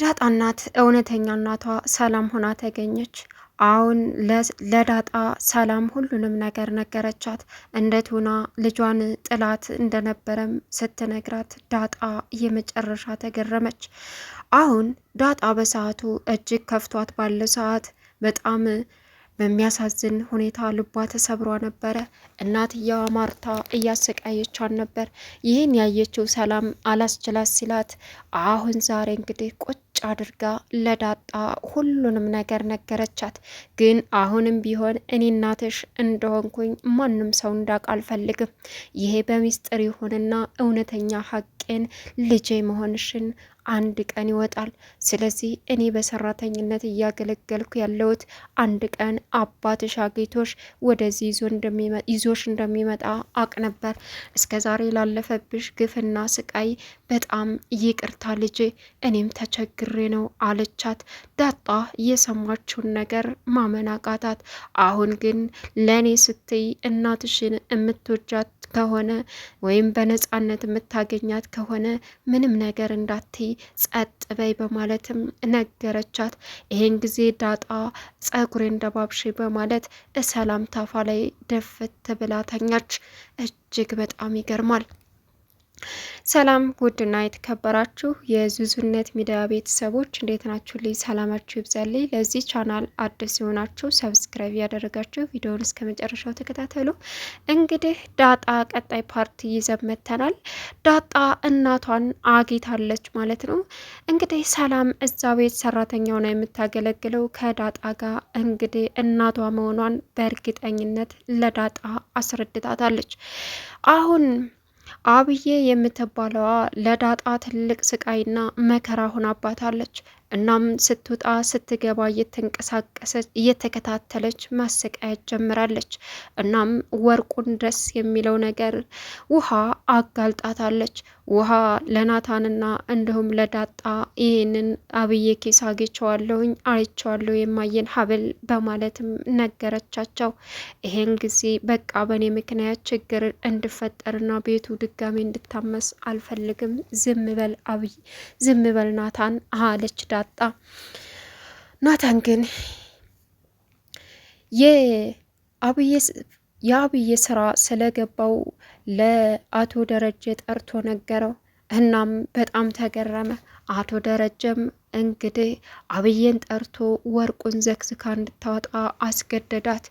ዳጣ እናት እውነተኛ እናቷ ሰላም ሆና ተገኘች። አሁን ለዳጣ ሰላም ሁሉንም ነገር ነገረቻት። እንዴት ሆና ልጇን ጥላት እንደነበረም ስትነግራት ዳጣ የመጨረሻ ተገረመች። አሁን ዳጣ በሰዓቱ እጅግ ከፍቷት ባለ ሰዓት በጣም በሚያሳዝን ሁኔታ ልቧ ተሰብሯ ነበረ። እናትየዋ ማርታ እያሰቃየቻን ነበር። ይህን ያየችው ሰላም አላስችላት ሲላት አሁን ዛሬ እንግዲህ ቁጭ ቁጭ አድርጋ ለዳጣ ሁሉንም ነገር ነገረቻት። ግን አሁንም ቢሆን እኔ እናትሽ እንደሆንኩኝ ማንም ሰው እንዳውቅ አልፈልግም። ይሄ በሚስጥር ይሁንና እውነተኛ ሀቄን ልጄ መሆንሽን አንድ ቀን ይወጣል። ስለዚህ እኔ በሰራተኝነት እያገለገልኩ ያለሁት አንድ ቀን አባትሽ አግኝቶሽ ወደዚህ ይዞሽ እንደሚመጣ አቅ ነበር። እስከዛሬ ላለፈብሽ ግፍና ስቃይ በጣም ይቅርታ ልጄ፣ እኔም ተቸግሬ ነው አለቻት። ዳጣ የሰማችውን ነገር ማመን አቃታት። አሁን ግን ለእኔ ስትይ እናትሽን የምትወጃት ከሆነ ወይም በነፃነት የምታገኛት ከሆነ ምንም ነገር እንዳትይ ጸጥ በይ በማለትም ነገረቻት። ይሄን ጊዜ ዳጣ ጸጉሬ እንደባብሽ በማለት እሰላም ታፋ ላይ ደፍት ብላ ተኛች። እጅግ በጣም ይገርማል። ሰላም ውድና የተከበራችሁ የዙዙነት ሚዲያ ቤተሰቦች እንዴት ናችሁ? ልይ ሰላማችሁ ይብዛልኝ። ለዚህ ቻናል አዲስ የሆናችሁ ሰብስክራይብ ያደረጋችሁ ቪዲዮውን እስከ መጨረሻው ተከታተሉ። እንግዲህ ዳጣ ቀጣይ ፓርቲ ይዘብ መተናል። ዳጣ እናቷን አግኝታለች ማለት ነው። እንግዲህ ሰላም እዛ ቤት ሰራተኛው ነው የምታገለግለው ከዳጣ ጋር እንግዲህ እናቷ መሆኗን በእርግጠኝነት ለዳጣ አስረድታታለች። አሁን አብዬ የምትባለዋ ለዳጣ ትልቅ ስቃይና መከራ ሆናባታለች። እናም ስትወጣ ስትገባ እየተንቀሳቀሰች እየተከታተለች ማሰቃየት ጀምራለች። እናም ወርቁን ደስ የሚለው ነገር ውሃ አጋልጣታለች። ውሃ ለናታንና እንዲሁም ለዳጣ ይህንን አብዬ ኬስ አግኝቼዋለሁኝ አይቼዋለሁ የማየን ሀብል በማለትም ነገረቻቸው። ይሄን ጊዜ በቃ በእኔ ምክንያት ችግር እንድፈጠርና ቤቱ ድጋሚ እንድታመስ አልፈልግም። ዝም በል አብይ፣ ዝም በል ናታን አለች ዳጣ። ናታን ግን የአብዬ የአብዬ ስራ ስለገባው ለአቶ ደረጀ ጠርቶ ነገረው። እናም በጣም ተገረመ። አቶ ደረጀም እንግዲህ አብዬን ጠርቶ ወርቁን ዘግዝካ እንድታወጣ አስገደዳት።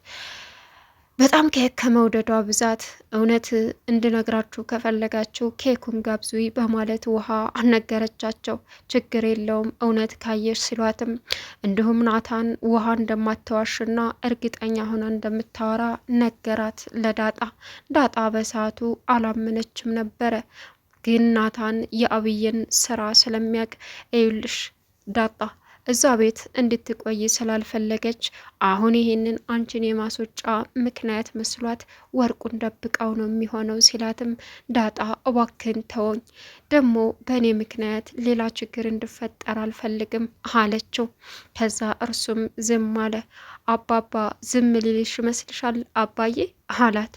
በጣም ኬክ ከመውደዷ ብዛት እውነት እንድነግራችሁ ከፈለጋችሁ ኬኩን ጋብዙይ በማለት ውሃ አነገረቻቸው ችግር የለውም እውነት ካየሽ ሲሏትም እንዲሁም ናታን ውሃ እንደማታዋሽና እርግጠኛ ሆና እንደምታወራ ነገራት ለዳጣ። ዳጣ በሰዓቱ አላመነችም ነበረ። ግን ናታን የአብይን ስራ ስለሚያውቅ እዩልሽ ዳጣ እዛ ቤት እንድትቆይ ስላልፈለገች አሁን ይሄንን አንቺን የማስወጫ ምክንያት መስሏት ወርቁን ደብቀው ነው የሚሆነው ሲላትም፣ ዳጣ እባክን ተወኝ፣ ደግሞ በእኔ ምክንያት ሌላ ችግር እንድፈጠር አልፈልግም አለችው። ከዛ እርሱም ዝም አለ። አባባ ዝም ሊልሽ ይመስልሻል አባዬ አላት።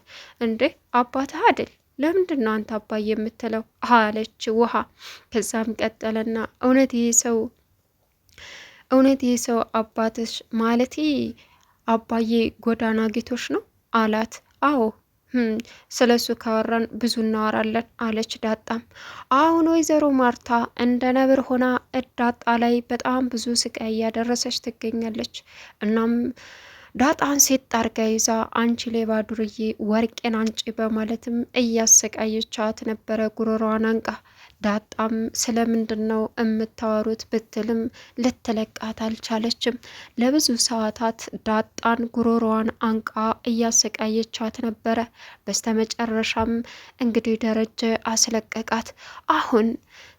እንዴ አባትህ አይደል ለምንድን ነው አንተ አባዬ የምትለው አለች ውሃ። ከዛም ቀጠለና እውነት ይሄ ሰው እውነት የሰው አባትሽ ማለቴ አባዬ ጎዳና ጌቶች ነው አላት። አዎ ስለ እሱ ካወራን ብዙ እናወራለን አለች ዳጣም። አሁን ወይዘሮ ማርታ እንደ ነብር ሆና ዳጣ ላይ በጣም ብዙ ስቃይ እያደረሰች ትገኛለች። እናም ዳጣን ሴት ጣርጋ ይዛ አንቺ ሌባ ዱርዬ ወርቄን አንጪ በማለትም እያሰቃየቻት ነበረ ጉሮሯዋን አንቃ ዳጣም ስለምንድን ነው የምታወሩት ብትልም ልትለቃት አልቻለችም። ለብዙ ሰዓታት ዳጣን ጉሮሮዋን አንቃ እያሰቃየቻት ነበረ። በስተመጨረሻም እንግዲህ ደረጀ አስለቀቃት። አሁን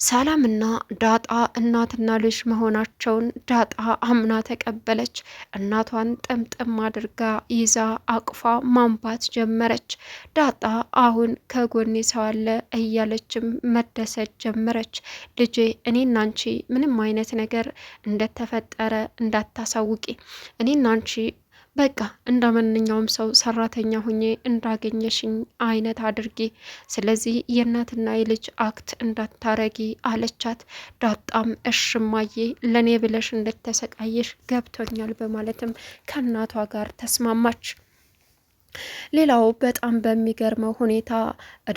ሰላምና ዳጣ እናትና ልጅ መሆናቸውን ዳጣ አምና ተቀበለች። እናቷን ጥምጥም አድርጋ ይዛ አቅፋ ማንባት ጀመረች። ዳጣ አሁን ከጎኔ ሰው አለ እያለችም መደሰች። ማልቀስ ጀመረች። ልጄ እኔና አንቺ ምንም አይነት ነገር እንደተፈጠረ እንዳታሳውቂ እኔና አንቺ በቃ እንደ ማንኛውም ሰው ሰራተኛ ሁኜ እንዳገኘሽኝ አይነት አድርጊ። ስለዚህ የእናትና የልጅ አክት እንዳታረጊ አለቻት። ዳጣም እሽማዬ ለእኔ ብለሽ እንደተሰቃየሽ ገብቶኛል በማለትም ከእናቷ ጋር ተስማማች። ሌላው በጣም በሚገርመው ሁኔታ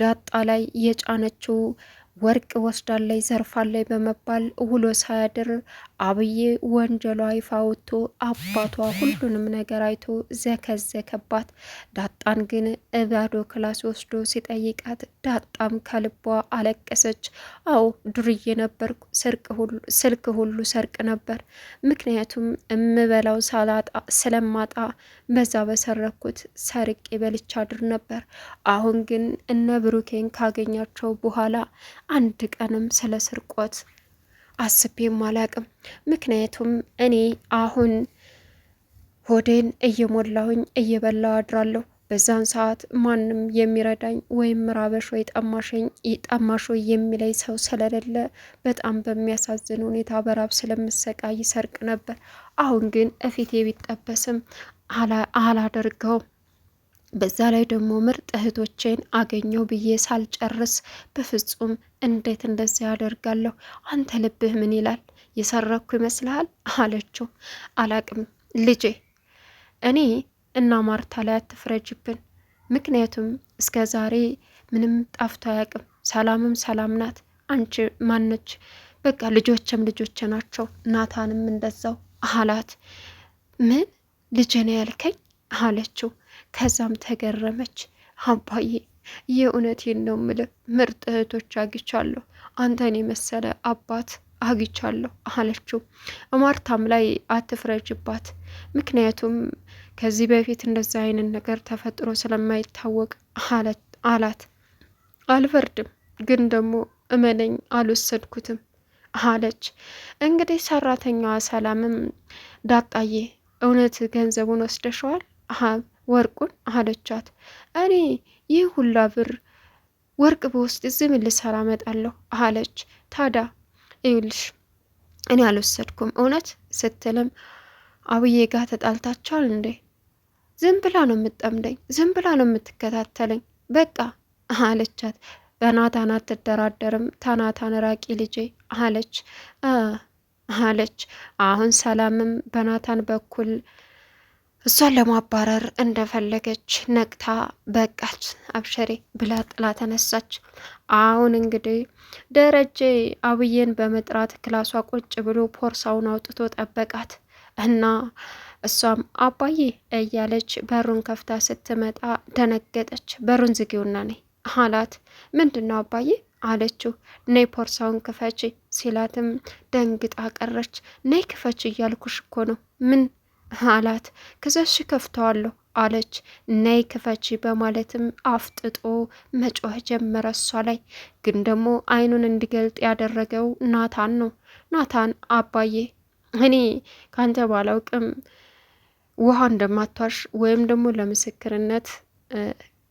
ዳጣ ላይ የጫነችው ወርቅ ወስዳለይ ዘርፋለይ በመባል ውሎ ሳያድር አብዬ ወንጀሏ ይፋ ወጥቶ አባቷ ሁሉንም ነገር አይቶ ዘከዘከባት። ዳጣን ግን እባዶ ክላስ ወስዶ ሲጠይቃት ዳጣም ከልቧ አለቀሰች። አዎ ዱርዬ ነበር ስልክ ሁሉ ሰርቅ ነበር። ምክንያቱም እምበላው ሳላጣ ስለማጣ በዛ በሰረኩት ሰርቄ በልቻ አድር ነበር። አሁን ግን እነ ብሩኬን ካገኛቸው በኋላ አንድ ቀንም ስለ ስርቆት አስቤም አላቅም። ምክንያቱም እኔ አሁን ሆዴን እየሞላሁኝ እየበላው አድራለሁ። በዛን ሰዓት ማንም የሚረዳኝ ወይም ራበሽ ወይ ጠማሸኝ ጠማሾ የሚለይ ሰው ስለሌለ በጣም በሚያሳዝን ሁኔታ በራብ ስለምሰቃይ ሰርቅ ነበር። አሁን ግን እፊቴ ቢጠበስም አላደርገውም። በዛ ላይ ደግሞ ምርጥ እህቶቼን አገኘው ብዬ ሳልጨርስ በፍጹም እንዴት እንደዚህ ያደርጋለሁ? አንተ ልብህ ምን ይላል? የሰረኩ ይመስልሃል? አለችው። አላቅም ልጄ፣ እኔ እና ማርታ ላይ አትፍረጅብን። ምክንያቱም እስከ ዛሬ ምንም ጣፍቶ አያቅም። ሰላምም ሰላም ናት። አንቺ ማነች? በቃ ልጆችም ልጆች ናቸው። ናታንም እንደዛው አላት። ምን ልጄ ነው ያልከኝ? አለችው ከዛም ተገረመች። አባዬ የእውነቴን ነው ምልህ ምርጥ እህቶች አግቻለሁ፣ አንተን የመሰለ አባት አግቻለሁ አለችው። ማርታም ላይ አትፍረጅባት፣ ምክንያቱም ከዚህ በፊት እንደዚ አይነት ነገር ተፈጥሮ ስለማይታወቅ አላት። አልፈርድም፣ ግን ደግሞ እመነኝ አልወሰድኩትም አለች። እንግዲህ ሰራተኛዋ ሰላምም ዳጣዬ፣ እውነት ገንዘቡን ወስደሸዋል ወርቁን አለቻት። እኔ ይህ ሁላ ብር ወርቅ በውስጥ እዚህ ምን ልሰራ እመጣለሁ አለች። ታዳ ይኸውልሽ እኔ አልወሰድኩም እውነት ስትልም አብዬ ጋር ተጣልታችኋል እንዴ? ዝም ብላ ነው የምጠምደኝ፣ ዝም ብላ ነው የምትከታተለኝ በቃ አለቻት። በናታን አትደራደርም፣ ታናታን ራቂ ልጄ አለች አለች። አሁን ሰላምም በናታን በኩል እሷን ለማባረር እንደፈለገች ነቅታ በቃች አብሸሬ ብላ ጥላ ተነሳች። አሁን እንግዲህ ደረጀ አብዬን በመጥራት ክላሷ ቁጭ ብሎ ፖርሳውን አውጥቶ ጠበቃት እና እሷም አባዬ እያለች በሩን ከፍታ ስትመጣ ደነገጠች። በሩን ዝጊውና ነይ አላት። ምንድን ነው አባዬ አለችው። ነይ ፖርሳውን ክፈች ሲላትም ደንግጣ ቀረች። ነይ ክፈች እያልኩሽ እኮ ነው ምን አላት። ክዘሽ ከፍተዋለሁ አለች። ነይ ክፈቺ በማለትም አፍጥጦ መጮህ ጀመረ እሷ ላይ። ግን ደግሞ አይኑን እንዲገልጥ ያደረገው ናታን ነው። ናታን አባዬ እኔ ካንተ ባላውቅም ውሃ እንደማትዋሽ ወይም ደግሞ ለምስክርነት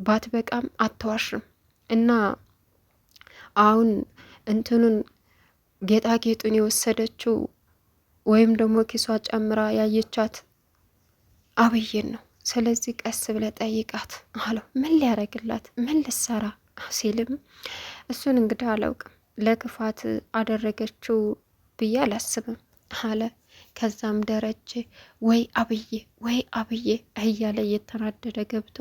ባትበቃም አትዋሽም እና አሁን እንትኑን ጌጣጌጡን የወሰደችው ወይም ደግሞ ኪሷ ጨምራ ያየቻት አብይን ነው። ስለዚህ ቀስ ብለ ጠይቃት አለው። ምን ሊያረግላት ምን ልሰራ ሲልም እሱን እንግዲህ አላውቅም ለክፋት አደረገችው ብዬ አላስብም አለ። ከዛም ደረጀ ወይ አብዬ ወይ አብዬ እያለ እየተናደደ ገብቶ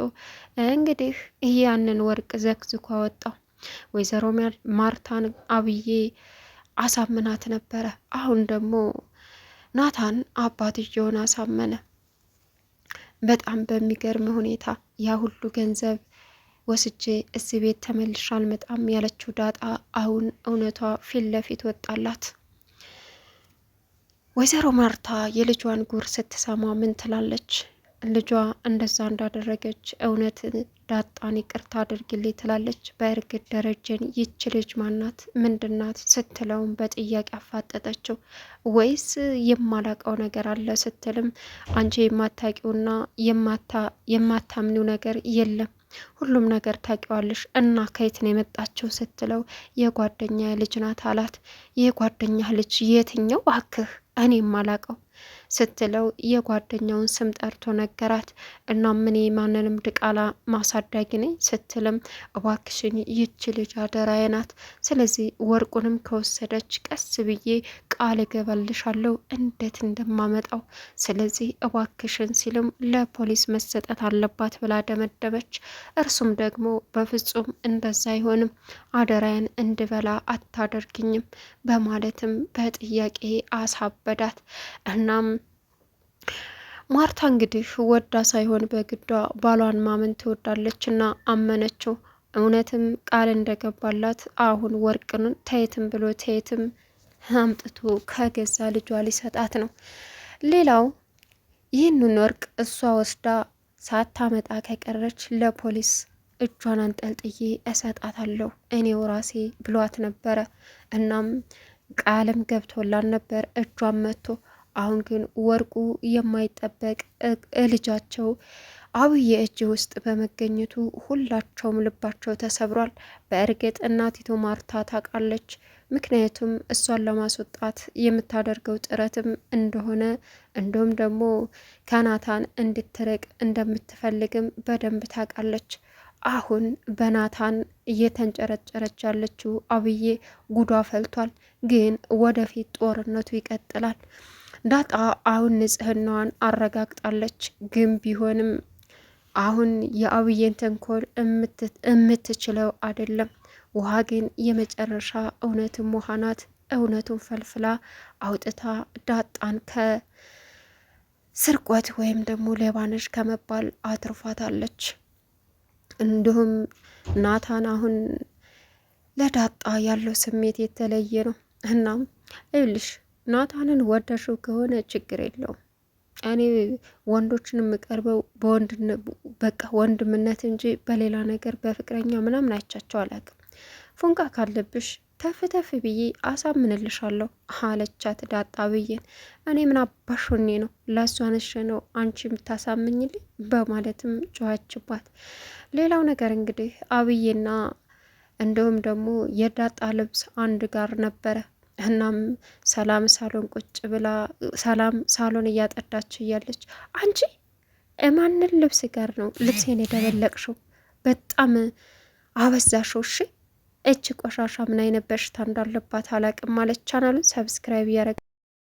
እንግዲህ ያንን ወርቅ ዘግዝኮ አወጣው። ወይዘሮ ማርታን አብዬ አሳምናት ነበረ። አሁን ደግሞ ናታን አባትየውን አሳመነ። በጣም በሚገርም ሁኔታ ያ ሁሉ ገንዘብ ወስጄ እዚህ ቤት ተመልሼ አልመጣም ያለችው ዳጣ አሁን እውነቷ ፊት ለፊት ወጣላት። ወይዘሮ ማርታ የልጇን ጉር ስትሰማ ምን ትላለች? ልጇ እንደዛ እንዳደረገች እውነት ዳጣን ይቅርታ አድርግልኝ ትላለች። በእርግጥ ደረጀን ይች ልጅ ማናት ምንድናት ስትለውም በጥያቄ አፋጠጠችው። ወይስ የማላቀው ነገር አለ ስትልም አንቺ የማታቂውና የማታምኒው ነገር የለም ሁሉም ነገር ታቂዋለሽ እና ከየት ነው የመጣችው ስትለው የጓደኛ ልጅ ናት አላት። የጓደኛ ልጅ የትኛው አክህ እኔ የማላቀው ስትለው የጓደኛውን ስም ጠርቶ ነገራት። እናም እኔ ማንንም ድቃላ ማሳዳጊ ነኝ ስትልም እባክሽን ይች ልጅ አደራዬ ናት። ስለዚህ ወርቁንም ከወሰደች ቀስ ብዬ ቃል እገባልሻለሁ እንዴት እንደማመጣው። ስለዚህ እባክሽን ሲልም ለፖሊስ መሰጠት አለባት ብላ ደመደመች። እርሱም ደግሞ በፍጹም እንደዛ አይሆንም፣ አደራዬን እንድበላ አታደርግኝም በማለትም በጥያቄ አሳበዳት እና እናም ማርታ እንግዲህ ወዳ ሳይሆን በግዷ ባሏን ማመን ትወዳለች እና አመነችው። እውነትም ቃል እንደገባላት አሁን ወርቅን ተየትም ብሎ ተየትም አምጥቶ ከገዛ ልጇ ሊሰጣት ነው። ሌላው ይህንን ወርቅ እሷ ወስዳ ሳታመጣ ከቀረች ለፖሊስ እጇን አንጠልጥዬ እሰጣታለሁ እኔው ራሴ ብሏት ነበረ። እናም ቃልም ገብቶላን ነበር እጇን መጥቶ አሁን ግን ወርቁ የማይጠበቅ ልጃቸው አብዬ እጅ ውስጥ በመገኘቱ ሁላቸውም ልባቸው ተሰብሯል። በእርግጥ እናቲቱ ማርታ ታውቃለች። ምክንያቱም እሷን ለማስወጣት የምታደርገው ጥረትም እንደሆነ እንዲሁም ደግሞ ከናታን እንድትርቅ እንደምትፈልግም በደንብ ታውቃለች። አሁን በናታን እየተንጨረጨረች ያለችው አብዬ ጉዷ ፈልቷል። ግን ወደፊት ጦርነቱ ይቀጥላል። ዳጣ አሁን ንጽህናዋን አረጋግጣለች። ግን ቢሆንም አሁን የአብዬን ተንኮል የምትችለው አይደለም። ውሃ ግን የመጨረሻ እውነትም ውሃ ናት። እውነቱን ፈልፍላ አውጥታ ዳጣን ከስርቆት ወይም ደግሞ ሌባነሽ ከመባል አትርፋታለች። እንዲሁም ናታን አሁን ለዳጣ ያለው ስሜት የተለየ ነው። እናም ይልሽ ናታንን ወደሽው ከሆነ ችግር የለውም። እኔ ወንዶችን የምቀርበው በቃ ወንድምነት እንጂ በሌላ ነገር በፍቅረኛ ምናምን አይቻቸው አላውቅም። ፉንቃ ካለብሽ ተፍተፍ ብዬ አሳምንልሻለሁ አለቻት ዳጣ ብዬን እኔ ምን አባሾኔ ነው ለእሷ ነው አንቺ የምታሳምኝልኝ በማለትም ጮኸችባት። ሌላው ነገር እንግዲህ አብዬና እንዲሁም ደግሞ የዳጣ ልብስ አንድ ጋር ነበረ እናም ሰላም ሳሎን ቁጭ ብላ ሰላም ሳሎን እያጠዳችው እያለች አንቺ ማንን ልብስ ጋር ነው ልብሴን የደበለቅሽው? በጣም አበዛሽው። እሺ እች ቆሻሻ ምን አይነት በሽታ እንዳለባት አላቅም አለቻናሉ። ሰብስክራይብ እያረግ